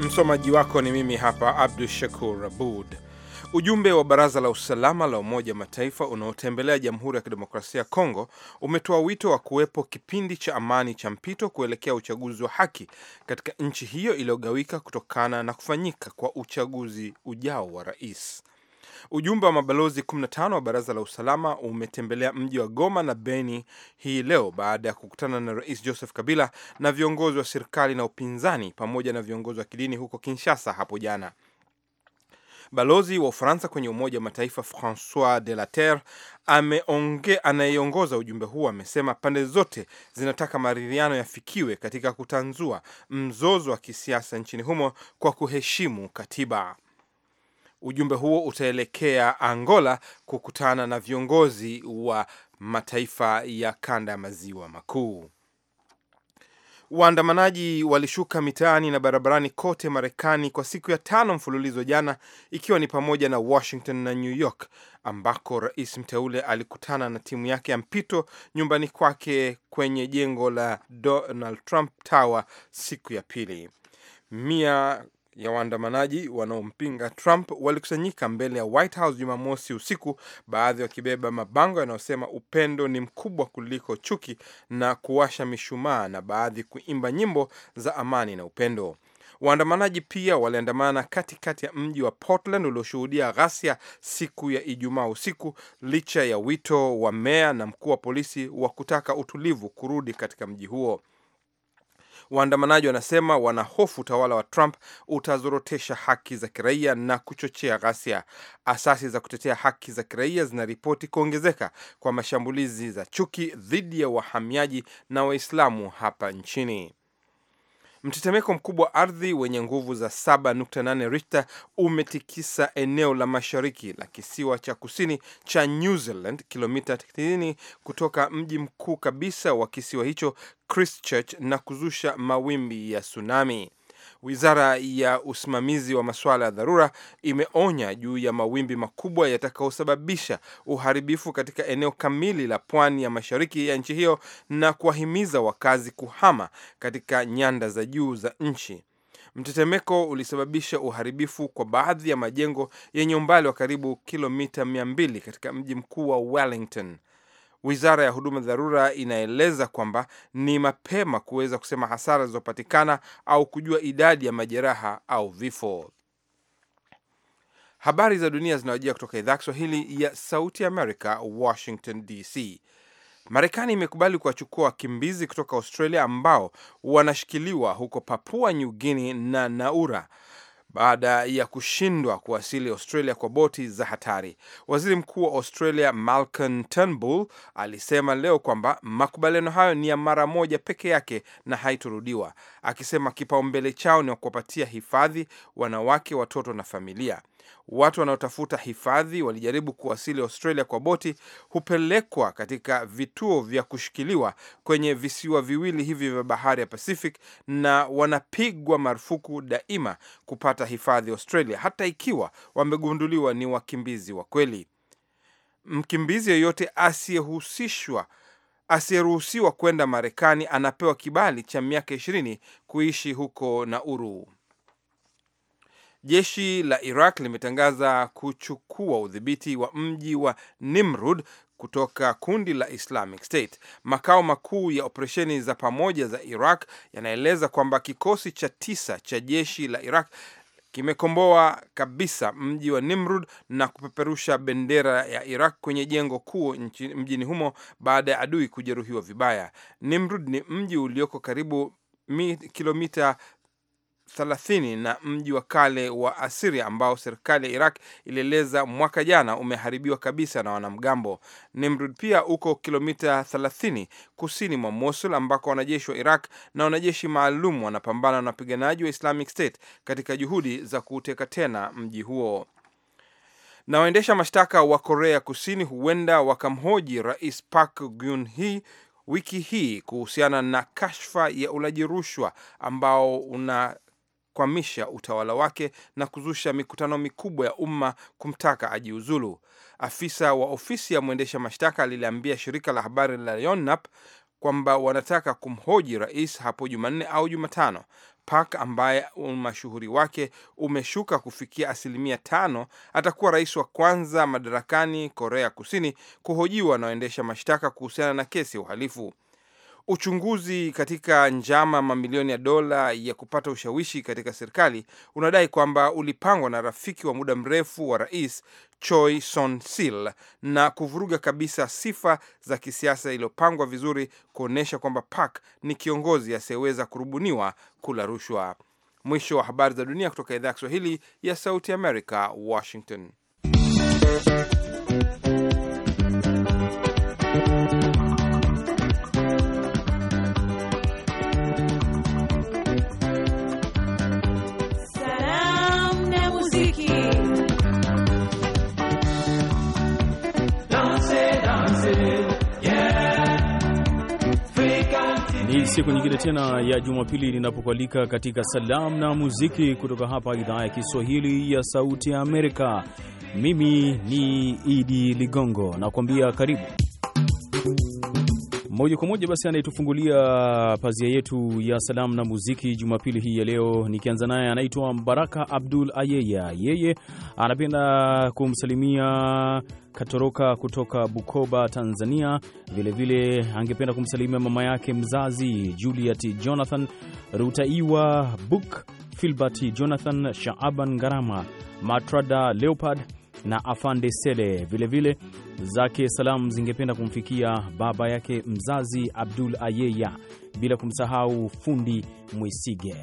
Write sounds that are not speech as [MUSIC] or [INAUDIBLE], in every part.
Msomaji wako ni mimi hapa Abdu Shakur Abud. Ujumbe wa Baraza la Usalama la Umoja Mataifa unaotembelea Jamhuri ya Kidemokrasia ya Kongo umetoa wito wa kuwepo kipindi cha amani cha mpito kuelekea uchaguzi wa haki katika nchi hiyo iliyogawika kutokana na kufanyika kwa uchaguzi ujao wa rais. Ujumbe wa mabalozi 15 wa Baraza la Usalama umetembelea mji wa Goma na Beni hii leo baada ya kukutana na Rais Joseph Kabila na viongozi wa serikali na upinzani pamoja na viongozi wa kidini huko Kinshasa hapo jana. Balozi wa Ufaransa kwenye Umoja wa Mataifa Francois de la Terre anayeongoza ujumbe huu amesema pande zote zinataka maridhiano yafikiwe katika kutanzua mzozo wa kisiasa nchini humo kwa kuheshimu katiba. Ujumbe huo utaelekea Angola kukutana na viongozi wa mataifa ya kanda ya maziwa makuu. Waandamanaji walishuka mitaani na barabarani kote Marekani kwa siku ya tano mfululizo jana, ikiwa ni pamoja na Washington na New York ambako rais mteule alikutana na timu yake ya mpito nyumbani kwake kwenye jengo la Donald Trump Tower siku ya pili. Mia ya waandamanaji wanaompinga Trump walikusanyika mbele ya White House Jumamosi usiku, baadhi wakibeba mabango yanayosema upendo ni mkubwa kuliko chuki na kuwasha mishumaa na baadhi kuimba nyimbo za amani na upendo. Waandamanaji pia waliandamana katikati ya mji wa Portland ulioshuhudia ghasia siku ya Ijumaa usiku licha ya wito wa meya na mkuu wa polisi wa kutaka utulivu kurudi katika mji huo. Waandamanaji wanasema wanahofu utawala wa Trump utazorotesha haki za kiraia na kuchochea ghasia. Asasi za kutetea haki za kiraia zinaripoti kuongezeka kwa mashambulizi za chuki dhidi ya wahamiaji na Waislamu hapa nchini. Mtetemeko mkubwa wa ardhi wenye nguvu za 7.8 Richter umetikisa eneo la mashariki la kisiwa cha kusini cha New Zealand, kilomita 90 kutoka mji mkuu kabisa wa kisiwa hicho Christchurch, na kuzusha mawimbi ya tsunami. Wizara ya usimamizi wa masuala ya dharura imeonya juu ya mawimbi makubwa yatakayosababisha uharibifu katika eneo kamili la pwani ya mashariki ya nchi hiyo na kuwahimiza wakazi kuhama katika nyanda za juu za nchi. Mtetemeko ulisababisha uharibifu kwa baadhi ya majengo yenye umbali wa karibu kilomita mbili katika mji mkuu wa Wellington. Wizara ya huduma dharura inaeleza kwamba ni mapema kuweza kusema hasara zilizopatikana au kujua idadi ya majeraha au vifo. Habari za dunia zinawajia kutoka idhaa Kiswahili ya Sauti Amerika, Washington DC. Marekani imekubali kuwachukua wakimbizi kutoka Australia ambao wanashikiliwa huko Papua New Guinea na Naura baada ya kushindwa kuwasili Australia kwa boti za hatari. Waziri mkuu wa Australia Malcolm Turnbull alisema leo kwamba makubaliano hayo ni ya mara moja peke yake na haiturudiwa, akisema kipaumbele chao ni kuwapatia hifadhi wanawake, watoto na familia. Watu wanaotafuta hifadhi walijaribu kuwasili Australia kwa boti hupelekwa katika vituo vya kushikiliwa kwenye visiwa viwili hivi vya bahari ya Pacific na wanapigwa marufuku daima kupata hifadhi Australia, hata ikiwa wamegunduliwa ni wakimbizi wa kweli. Mkimbizi yeyote asiyehusishwa asiyeruhusiwa kwenda Marekani anapewa kibali cha miaka ishirini kuishi huko Nauru. Jeshi la Iraq limetangaza kuchukua udhibiti wa mji wa Nimrud kutoka kundi la Islamic State. Makao makuu ya operesheni za pamoja za Iraq yanaeleza kwamba kikosi cha tisa cha jeshi la Iraq kimekomboa kabisa mji wa Nimrud na kupeperusha bendera ya Iraq kwenye jengo kuu mjini humo baada ya adui kujeruhiwa vibaya. Nimrud ni mji ulioko karibu kilomita thelathini na mji wa kale wa Asiria ambao serikali ya Iraq ilieleza mwaka jana umeharibiwa kabisa na wanamgambo. Nimrud pia uko kilomita 30 kusini mwa Mosul ambako wanajeshi wa Iraq na wanajeshi maalum wanapambana na wapiganaji wa Islamic State katika juhudi za kuuteka tena mji huo na waendesha mashtaka wa Korea Kusini huenda wakamhoji Rais Park Geun-hye wiki hii kuhusiana na kashfa ya ulaji rushwa ambao una kukwamisha utawala wake na kuzusha mikutano mikubwa ya umma kumtaka ajiuzulu. Afisa wa ofisi ya mwendesha mashtaka aliliambia shirika la habari la Yonhap kwamba wanataka kumhoji rais hapo Jumanne au Jumatano. Park ambaye umashuhuri wake umeshuka kufikia asilimia tano atakuwa rais wa kwanza madarakani Korea Kusini kuhojiwa na waendesha mashtaka kuhusiana na kesi ya uhalifu. Uchunguzi katika njama mamilioni ya dola ya kupata ushawishi katika serikali unadai kwamba ulipangwa na rafiki wa muda mrefu wa rais Choi Son Sil na kuvuruga kabisa sifa za kisiasa iliyopangwa vizuri kuonyesha kwamba Park ni kiongozi asiyeweza kurubuniwa kula rushwa. Mwisho wa habari za dunia kutoka idhaa ya Kiswahili ya Sauti America, Washington. siku nyingine tena ya Jumapili ninapokualika katika salamu na muziki kutoka hapa idhaa ya Kiswahili ya Sauti ya Amerika. Mimi ni Idi Ligongo nakuambia karibu moja kwa moja basi, anayetufungulia pazia yetu ya salamu na muziki jumapili hii ya leo, nikianza naye anaitwa Mbaraka Abdul Ayeya. Yeye anapenda kumsalimia Katoroka kutoka Bukoba, Tanzania. Vilevile angependa kumsalimia mama yake mzazi Juliet Jonathan Rutaiwa, Buk Filbert Jonathan, Shaaban Ngarama, Matrada Leopard na Afande Sele. Vilevile zake salamu zingependa kumfikia baba yake mzazi Abdul Ayeya, bila kumsahau fundi Mwisige.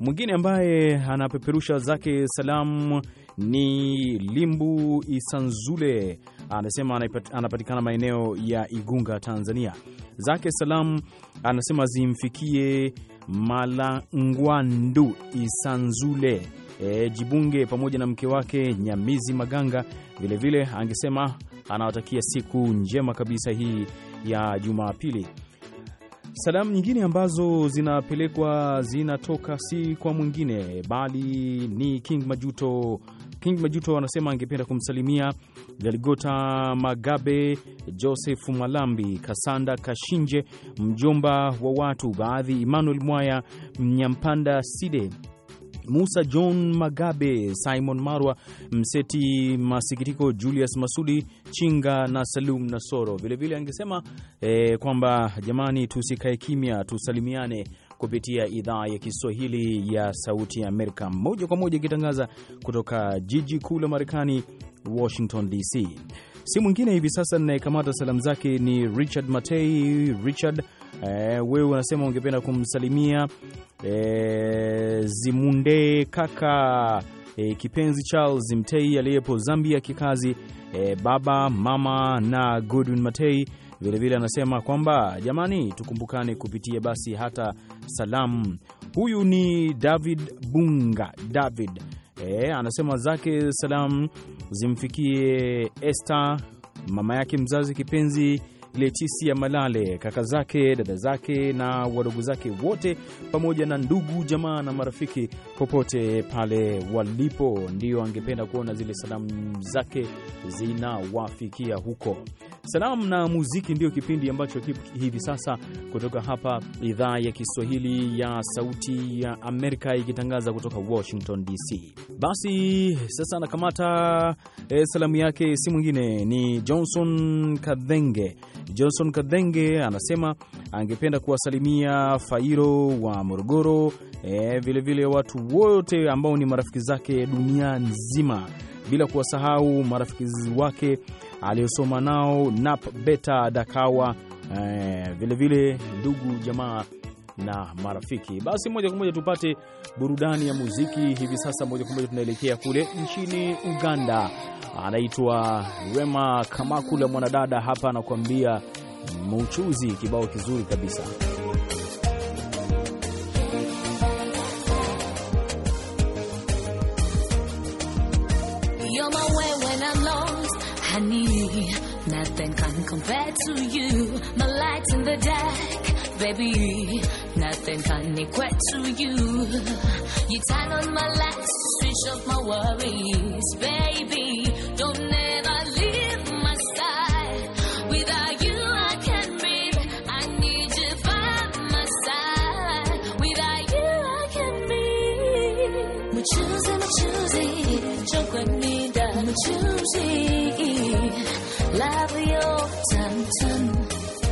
Mwingine ambaye anapeperusha zake salamu ni Limbu Isanzule, anasema anapatikana maeneo ya Igunga, Tanzania. Zake salamu anasema zimfikie Malangwandu Isanzule, e, Jibunge pamoja na mke wake Nyamizi Maganga. Vilevile vile, angesema anawatakia siku njema kabisa hii ya Jumapili. Salamu nyingine ambazo zinapelekwa zinatoka si kwa mwingine bali ni King Majuto King Majuto anasema angependa kumsalimia Galigota Magabe, Joseph malambi Kasanda Kashinje, mjomba wa watu baadhi, Emmanuel Mwaya, Mnyampanda Side, Musa John Magabe, Simon Marwa, Mseti Masikitiko, Julius Masudi Chinga na Salum Nasoro. Vilevile angesema eh, kwamba jamani, tusikae kimya, tusalimiane kupitia idhaa ya Kiswahili ya Sauti ya Amerika, moja kwa moja ikitangaza kutoka jiji kuu la Marekani, Washington DC. Si mwingine hivi sasa ninayekamata salamu zake ni Richard Matei. Richard, eh, wewe unasema ungependa kumsalimia eh, Zimunde kaka eh, kipenzi Charles Mtei aliyepo Zambia kikazi, eh, baba mama na Godwin Matei Vilevile anasema kwamba jamani, tukumbukane kupitia basi hata salamu. Huyu ni David Bunga David e, anasema zake salamu zimfikie Esther mama yake mzazi kipenzi ya Malale, kaka zake, dada zake na wadogo zake wote, pamoja na ndugu jamaa na marafiki popote pale walipo. ndio angependa kuona zile salamu zake zinawafikia huko. Salamu na muziki ndiyo kipindi ambacho kipo hivi sasa kutoka hapa idhaa ya Kiswahili ya Sauti ya Amerika ikitangaza kutoka Washington DC. Basi sasa nakamata e, salamu yake si mwingine ni Johnson Kadhenge. Johnson Kadhenge anasema angependa kuwasalimia Fairo wa Morogoro, vilevile eh, vilevile watu wote ambao ni marafiki zake dunia nzima bila kuwasahau marafiki wake aliyosoma nao Nap Beta Dakawa, vilevile eh, vile ndugu jamaa na marafiki. Basi moja kwa moja tupate burudani ya muziki hivi sasa. Moja kwa moja tunaelekea kule nchini Uganda. Anaitwa Rema Kamakula, mwanadada hapa anakuambia Muchuzi, kibao kizuri kabisa. Yo, Honey, nothing can compare to you. My light in the dark, baby. Nothing can equate to you. You turn on my lights, switch off my worries, baby. Don't ever leave my side. Without you, I can't breathe. I need you by my side. Without you, I can't breathe. We're choosing, we're choosing. Chocolate me choosing labios tam tam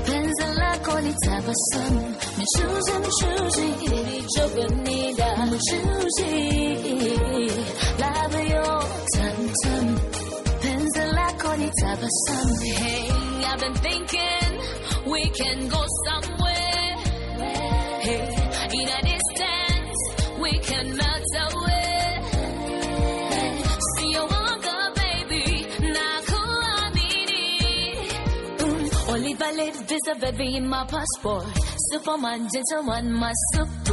Pensala con itabasam Me choosing choosing Baby chobanida Me choosing Labios tam tam Pensala con itabasam Hey I've been thinking We can go somewhere Hey In a distance We can Trace a baby in my passport. Superman, gentleman, my super.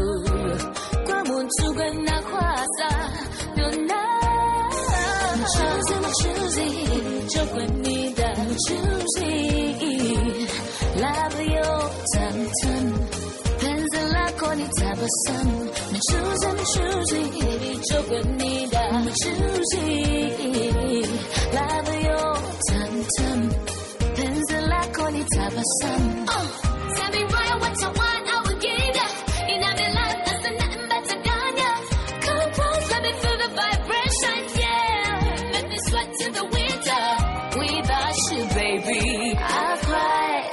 na kwasa. Dona. I'm choosing, I'm choosing. Chokwe nida. I'm choosing. Love I'm choosing, I'm choosing. Chokwe nida. I'm choosing. Love you, tam tam. 원이 잡았어 oh, Tell me why I want you want I will give up. I ya 이남의 love 나서 나는 맞아가냐 Come close let me feel the vibration yeah Let me sweat to the winter Without you baby I cry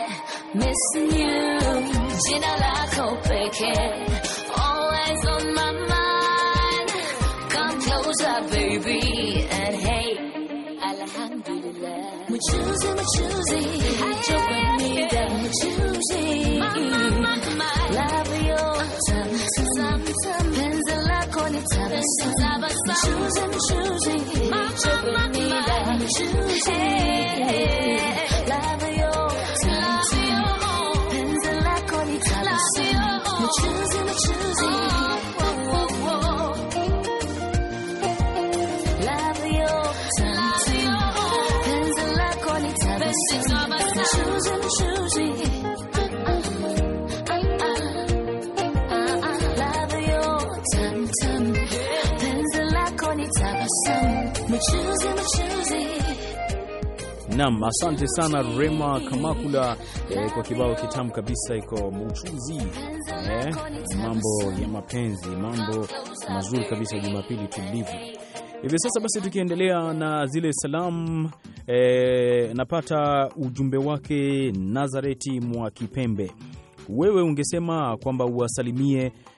missing you 지나라 고백해 We're choosing, we're choosing. Joke with me that we're choosing. Labiota, penzela on it We're choosing, we're choosing. Joke with me that we're choosing. Nam, asante sana Rema Kamakula eh, kwa kibao kitamu kabisa iko mchuzi eh, mambo ya mapenzi, mambo mazuri kabisa, Jumapili tulivu hivi sasa. Basi tukiendelea na zile salamu eh, napata ujumbe wake Nazareti mwa Kipembe, wewe ungesema kwamba uwasalimie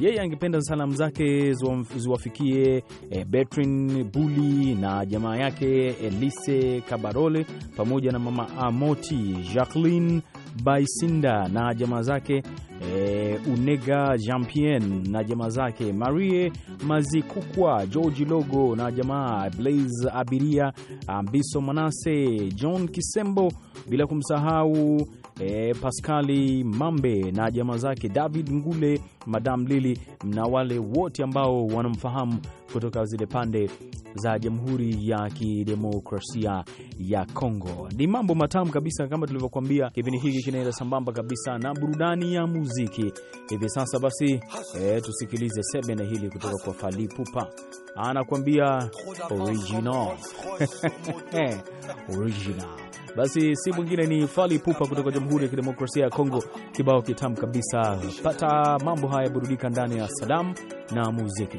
yeye angependa salamu zake ziwafikie e, eh, Betrin Buli na jamaa yake Elise Kabarole pamoja na mama Amoti Jacqueline Baisinda na jamaa zake e, Unega Jampien na jamaa zake Marie Mazikukwa, George Logo na jamaa Blaze Abiria Ambiso Manase John Kisembo, bila kumsahau e, Paskali Mambe na jamaa zake David Ngule, Madam Lili na wale wote ambao wanamfahamu kutoka zile pande za Jamhuri ya Kidemokrasia ya Kongo. Ni mambo matamu kabisa, kama tulivyokuambia, kipindi hiki kinaenda sambamba kabisa na burudani ya muziki hivi sasa. Basi e, tusikilize sebene hili kutoka kwa falipupa anakuambia original [LAUGHS] original basi si mwingine ni fali pupa kutoka Jamhuri ya Kidemokrasia ya Kongo, kibao kitamu kabisa. Pata mambo haya, burudika ndani ya salamu na muziki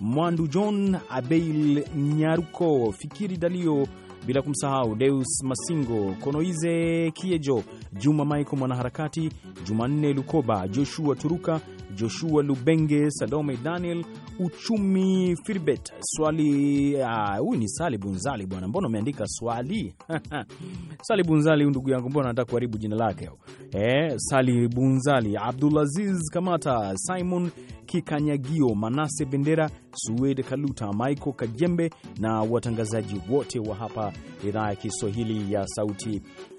Mwandu John, Abeil Nyaruko, Fikiri Dalio, bila kumsahau Deus Masingo, Konoize Kiejo, Juma Maiko mwanaharakati, Jumanne Lukoba, Joshua Turuka, Joshua Lubenge, Salome Daniel, Uchumi Firbet, Swali ah, huyu uh, ni Sali Bunzali bwana, mbona umeandika Swali? [LAUGHS] Sali Bunzali ndugu yangu, mbona nataka kuharibu jina lake eh? Sali Bunzali, Abdulaziz Kamata, Simon Kikanyagio, Manase Bendera, Suwed Kaluta, Michael Kajembe na watangazaji wote wa hapa idhaa ya Kiswahili ya Sauti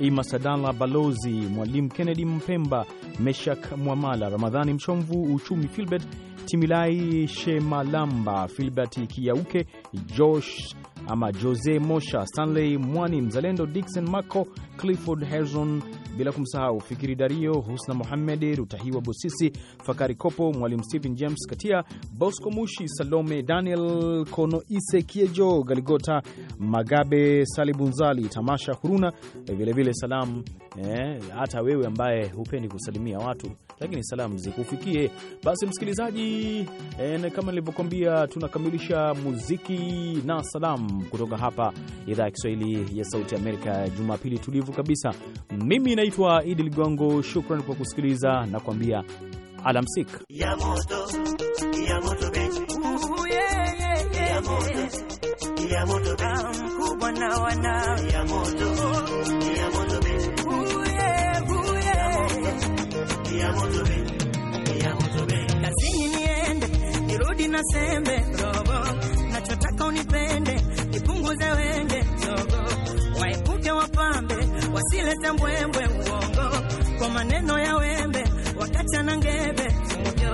Ima Sadala, Balozi Mwalimu Kennedy Mpemba, Meshak Mwamala, Ramadhani Mchomvu, Uchumi Filbert Timilai, Shemalamba Filbert Kiauke, Josh ama Jose Mosha, Stanley Mwani, Mzalendo Dixon maco Clifford Herzon bila kumsahau Fikiri Dario, Husna Mohamed, Rutahiwa Bosisi, Fakari Kopo, Mwalimu Stephen James Katia, Bosco Mushi, Salome Daniel Konoise, Kiejo Galigota, Magabe Salibunzali, Tamasha Huruna, eh, vilevile salamu eh, hata eh, wewe ambaye hupendi kusalimia watu lakini salamu zikufikie. Basi msikilizaji, en, eh, kama nilivyokuambia, tunakamilisha muziki na salamu kutoka hapa idhaa ya Kiswahili ya Sauti ya Amerika, Jumapili tulivu kabisa. Mimi naitwa Idi Ligongo, shukran kwa kusikiliza na kuambia alamsik ya moto, ya moto. kazini niende nirudi na sembe robo, nachotaka unipende nipunguze wende sogo, waepuke wapambe wasilete mbwembwe uongo kwa maneno ya wembe wakacha na ngebe fujo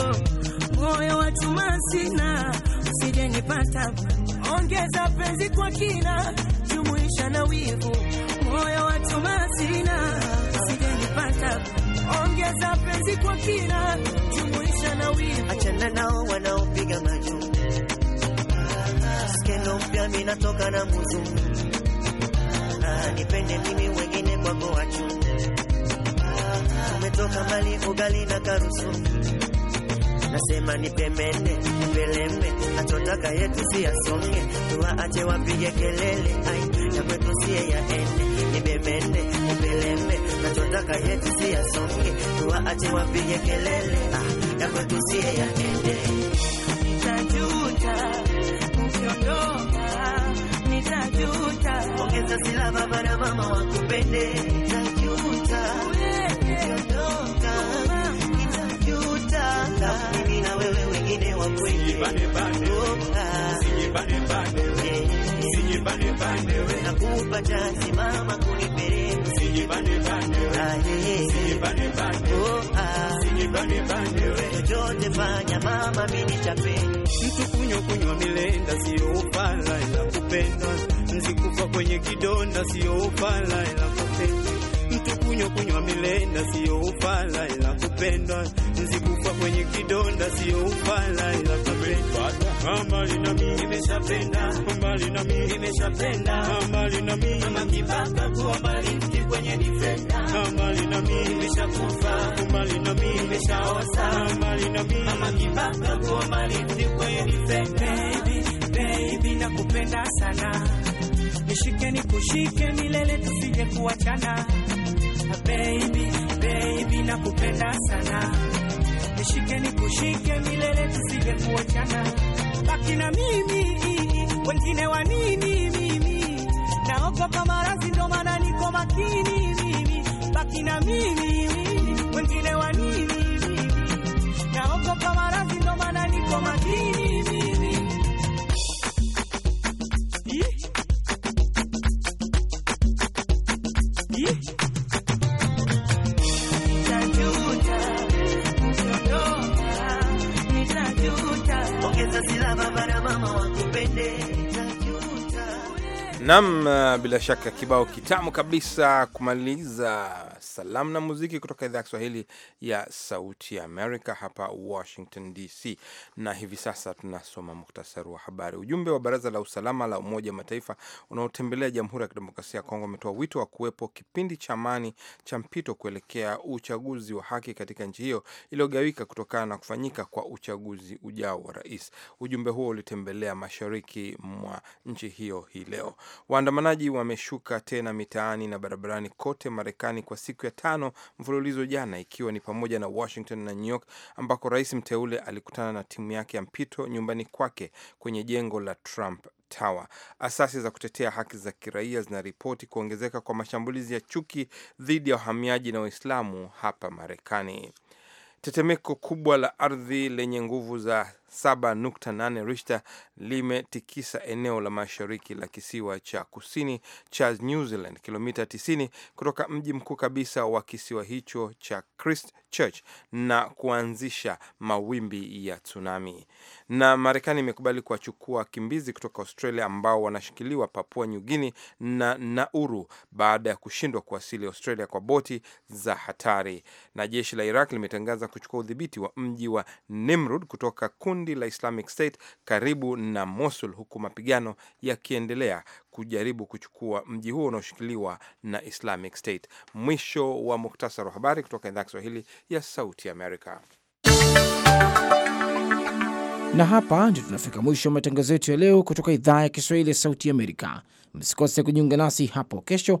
oh, moyo oh, wa chuma sina usije nipata ongeza penzi kwa kina jumuisha na wivu moyo wa chuma sina ongeza penzi kwa kina, jumuisha na wivu, achana nao wanaopiga macho. Skendo mpya natoka na muzu, ah, nipende mimi wengine kwako wachu, umetoka mbali, ugali na karusu Nasema ni pemene peleme, atotaka yetu si asonge tuwaache wapige kelele, ai ya kwetu ya yaende, ni pemene tusilembe, nachotaka yetu si yasonge, tuwaache wapige kelele, ah, ya kwetu si yaende. Nitajuta msiondoka, nitajuta. Ongeza sila baba na mama wakupende, nitajuta msiondoka, nitajuta. Mimi na wewe wengine wakwende, nakupa chansi mama kuni chochote fanya mama, mtu kunywa kunywa milenda, sio ufala ila kupenda, nzikufa kwenye kidonda, sio ufala ila kunywa kunywa milenda sio ufala, ila kupendwa nzikufa kwenye kidonda, sio ufala, ila kupendwa amali na mimi nimeshapenda, amali na mimi nimeshapenda, amali na mimi mama kibaka kuwa bariki kwenye nifenda amali na mimi nimeshakufa, amali na mimi nimeshaosa, amali na mimi mama kibaka kuwa bariki kwenye nifenda baby baby nakupenda sana, nishike nikushike milele tusije kuachana Baby, baby nakupenda sana, nishike nikushike milele tusije kuachana, baki na mimi, wengine wa nini? Mimi naogopa ndo maana niko makini mimi, baki na mimi, wengine wa nini? Naogopa ndo maana niko makini Naam, bila shaka kibao kitamu kabisa kumaliza salamu na muziki kutoka idhaa ya Kiswahili ya Sauti ya Amerika hapa Washington DC. Na hivi sasa tunasoma muktasari wa habari. Ujumbe wa Baraza la Usalama la Umoja wa Mataifa unaotembelea Jamhuri ya Kidemokrasia ya Kongo ametoa wito wa kuwepo kipindi cha amani cha mpito kuelekea uchaguzi wa haki katika nchi hiyo iliyogawika kutokana na kufanyika kwa uchaguzi ujao wa rais. Ujumbe huo ulitembelea mashariki mwa nchi hiyo hii leo. Waandamanaji wameshuka tena mitaani na barabarani kote Marekani kwa siku ya tano mfululizo jana, ikiwa ni pamoja na Washington na New York ambako rais mteule alikutana na timu yake ya mpito nyumbani kwake kwenye jengo la Trump Tower. Asasi za kutetea haki za kiraia zinaripoti kuongezeka kwa mashambulizi ya chuki dhidi ya wahamiaji na Waislamu hapa Marekani. Tetemeko kubwa la ardhi lenye nguvu za 7.8 Richter limetikisa eneo la mashariki la kisiwa cha kusini cha New Zealand, kilomita 90 kutoka mji mkuu kabisa wa kisiwa hicho cha Christchurch na kuanzisha mawimbi ya tsunami. Na Marekani imekubali kuwachukua wakimbizi kutoka Australia ambao wanashikiliwa Papua New Guinea na Nauru baada ya kushindwa kuwasili Australia kwa boti za hatari. Na jeshi la Iraq limetangaza kuchukua udhibiti wa mji wa Nimrud kutoka kundi kundi la Islamic State karibu na Mosul, huku mapigano yakiendelea kujaribu kuchukua mji huo unaoshikiliwa na Islamic State. Mwisho wa muktasari wa habari kutoka idhaa ya Kiswahili ya Sauti Amerika. Na hapa ndio tunafika mwisho wa matangazo yetu ya leo kutoka idhaa ya Kiswahili ya Sauti Amerika. Msikose kujiunga nasi hapo kesho